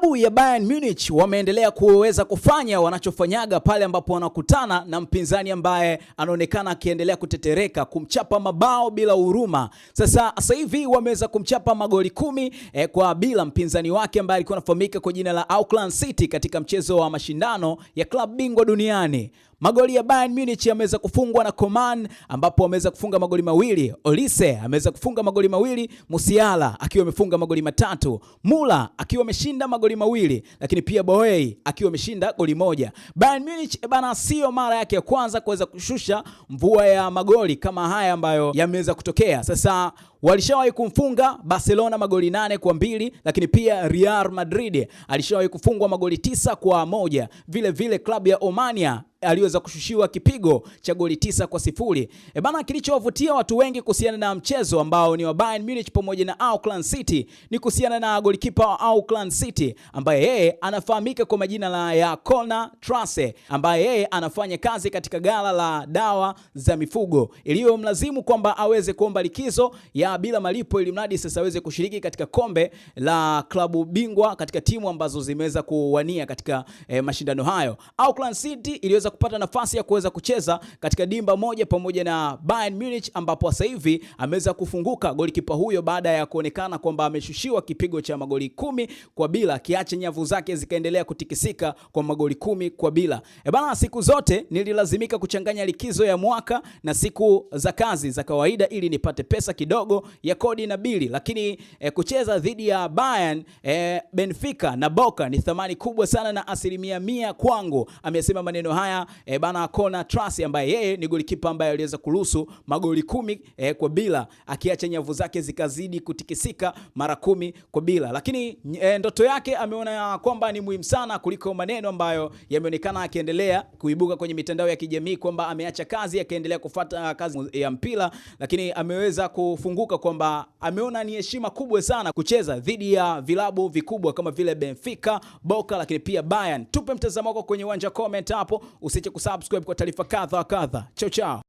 Klabu ya Bayern Munich wameendelea kuweza kufanya wanachofanyaga pale ambapo wanakutana na mpinzani ambaye anaonekana akiendelea kutetereka, kumchapa mabao bila huruma. Sasa sasa hivi wameweza kumchapa magoli kumi eh, kwa bila mpinzani wake ambaye alikuwa anafahamika kwa jina la Auckland City katika mchezo wa mashindano ya klabu bingwa duniani. Magoli ya Bayern Munich yameweza kufungwa na Coman ambapo ameweza kufunga magoli mawili, Olise ameweza kufunga magoli mawili, Musiala akiwa amefunga magoli matatu, Mula akiwa ameshinda magoli mawili, lakini pia Boey akiwa ameshinda goli moja. Bayern Munich eh bana, sio mara yake ya kwanza kuweza kushusha mvua ya magoli kama haya ambayo yameweza kutokea sasa Walishawahi kumfunga Barcelona magoli nane kwa mbili, lakini pia Real Madrid alishawahi kufungwa magoli tisa kwa moja. Vile vile klabu ya Omania aliweza kushushiwa kipigo cha goli tisa kwa sifuri. E bana, kilichowavutia watu wengi kuhusiana na mchezo ambao ni wa Bayern Munich pamoja na Auckland City ni kuhusiana na golikipa wa Auckland City ambaye yeye anafahamika kwa majina la ya Connor Trase ambaye yeye anafanya kazi katika gala la dawa za mifugo iliyomlazimu kwamba aweze kuomba likizo ya ya bila malipo, ili mradi sasa aweze kushiriki katika kombe la klabu bingwa katika timu ambazo zimeweza kuwania katika e, mashindano hayo. Auckland City iliweza kupata nafasi ya kuweza kucheza katika dimba moja pamoja na Bayern Munich, ambapo sasa hivi ameweza kufunguka golikipa huyo baada ya kuonekana kwamba ameshushiwa kipigo cha magoli kumi kwa bila, kiacha nyavu zake zikaendelea kutikisika kwa magoli kumi kwa bila. E bana, siku zote nililazimika kuchanganya likizo ya mwaka na siku za kazi za kawaida ili nipate pesa kidogo ya kodi na bili, lakini eh, kucheza dhidi ya Bayern eh, Benfica na Boca ni thamani kubwa sana na asilimia mia kwangu. Amesema maneno haya eh, bana Kona Trust ambaye yeye ni golikipa ambaye aliweza kuruhusu magoli kumi eh, kwa bila, akiacha nyavu zake zikazidi kutikisika mara kumi kwa bila, lakini eh, ndoto yake ameona kwamba ni muhimu sana kuliko maneno ambayo yameonekana akiendelea kuibuka kwenye mitandao ya kijamii kwamba ameacha kazi akaendelea kufuata kazi ya mpira, lakini ameweza kufunguka Kumbuka kwamba ameona ni heshima kubwa sana kucheza dhidi ya vilabu vikubwa kama vile Benfica, Boca lakini pia Bayern. Tupe mtazamo wako kwenye uwanja comment hapo, usiache kusubscribe kwa taarifa kadha wa kadha. Chao chao.